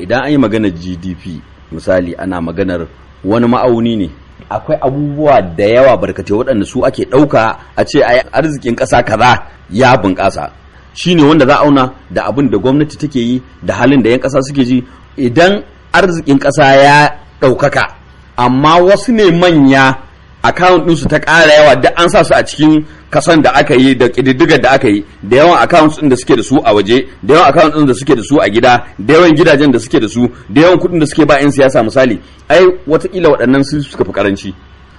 idan an yi maganar gdp misali ana maganar wani ma'auni ne akwai abubuwa da yawa barkate waɗanda su ake ɗauka a ce a arzikin ƙasa kaza ya bunƙasa Shi ne wanda za auna da abin da gwamnati take yi da halin da 'yan ƙasa suke ji idan arzikin ƙasa ya ɗaukaka amma wasu ne manya akawun ɗinsu ta ƙara yawa duk an sa su a cikin kasan da aka yi da ƙididdigar da aka yi da yawan accounts ɗin da suke da su a waje da yawan accounts ɗin da suke da su a gida da yawan gidajen da suke da su da yawan kuɗin da suke ba 'yan siyasa misali ai watakila waɗannan su suka fi karanci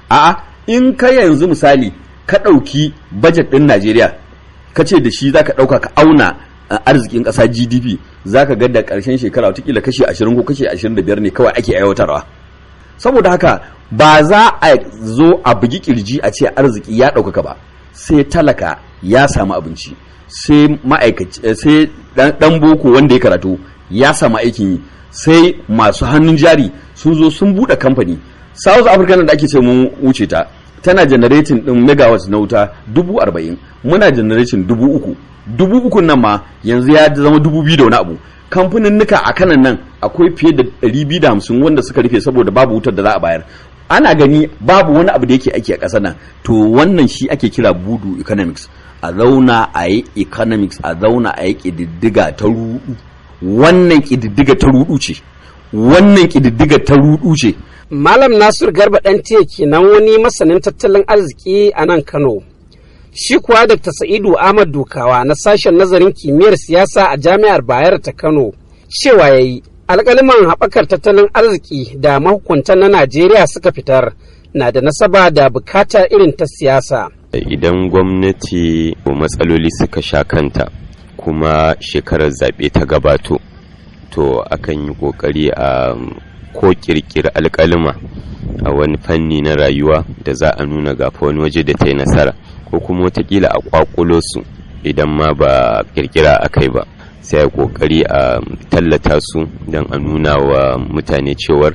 a'a in ka yanzu misali ka ɗauki budget ɗin Najeriya ka ce da shi zaka ɗauka ka auna arzikin ƙasa GDP zaka ga da ƙarshen shekara watakila kashi 20 ko kashi 25 ne kawai ake aiwatarwa saboda haka ba za a zo a bugi kirji a ce arziki ya ɗaukaka ba sai talaka ya samu abinci sai ma'aikaci eh, sai dan boko wanda ya karatu ya samu aikin yi sai masu hannun jari sun zo sun bude kamfani south africa da ake ce mun wuce ta tana generating din megawatt na wuta dubu arba'in muna generating dubu uku dubu uku nan ma yanzu ya zama dubu biyu da wani abu kamfanin nuka a kanan nan akwai fiye da 250 wanda suka rufe saboda babu wutar da za a bayar ana gani babu wani abu da yake aiki a ƙasar nan to wannan shi ake kira budu economics a zauna a yi economics a zauna a yi ƙididdiga ta rudu wannan ƙididdiga ta rudu ce wannan ƙididdiga ta rudu ce malam nasir garba ɗan tiye kenan wani masanin tattalin arziki a nan kano shi kuwa dr sa'idu ahmad dukawa na sashen nazarin kimiyyar siyasa a jami'ar bayar ta kano cewa ya yi alƙaliman haɓakar tattalin arziki da mahukunta na najeriya suka fitar na da nasaba da bukata irin ta siyasa idan gwamnati matsaloli suka sha kanta kuma shekarar zaɓe ta gabato to akan yi ƙoƙari a um, ko ƙirƙiri alƙalima a wani fanni na rayuwa da za a nuna gafa wani waje da ta yi nasara ko kuma watakila a kwakulo su idan ma ba ƙirƙira a kai ba sai a kokari a tallata su don a nuna wa mutane cewar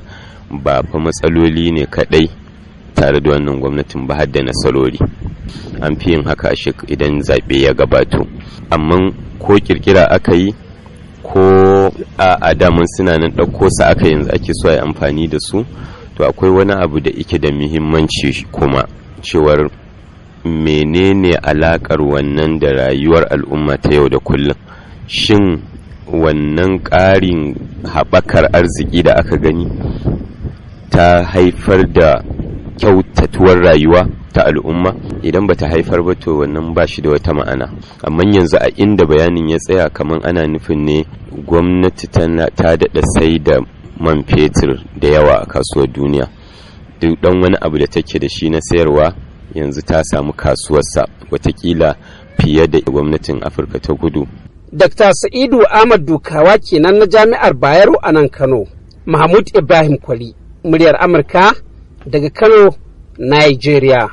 ba fa matsaloli ne kadai tare da wannan gwamnatin ba da nasarori an fi yin haka idan zaɓe ya gabato amma ko kirkira aka yi ko a daman suna nan ɗauko su aka yanzu ake so a yi amfani da su to akwai wani abu da ike da muhimmanci kuma cewar menene alakar wannan da rayuwar al'umma ta yau da kullum shin wannan ƙarin haɓakar arziki da aka gani ta haifar da kyautatuwar rayuwa ta al'umma idan ba ta haifar ba to wannan ba shi da wata ma'ana amma yanzu a inda bayanin ya tsaya kamar ana nufin ne gwamnati ta daɗa sai da man fetur da yawa a kasuwar duniya duk ɗan wani abu da take da shi na sayarwa yanzu ta samu kasuwarsa watakila fiye da gwamnatin afirka ta kudu Dr. Sa'idu Ahmad Dukawa kenan na Jami'ar Bayero a nan Kano. Mahmud Ibrahim Kwali, muryar Amurka daga Kano, Nigeria.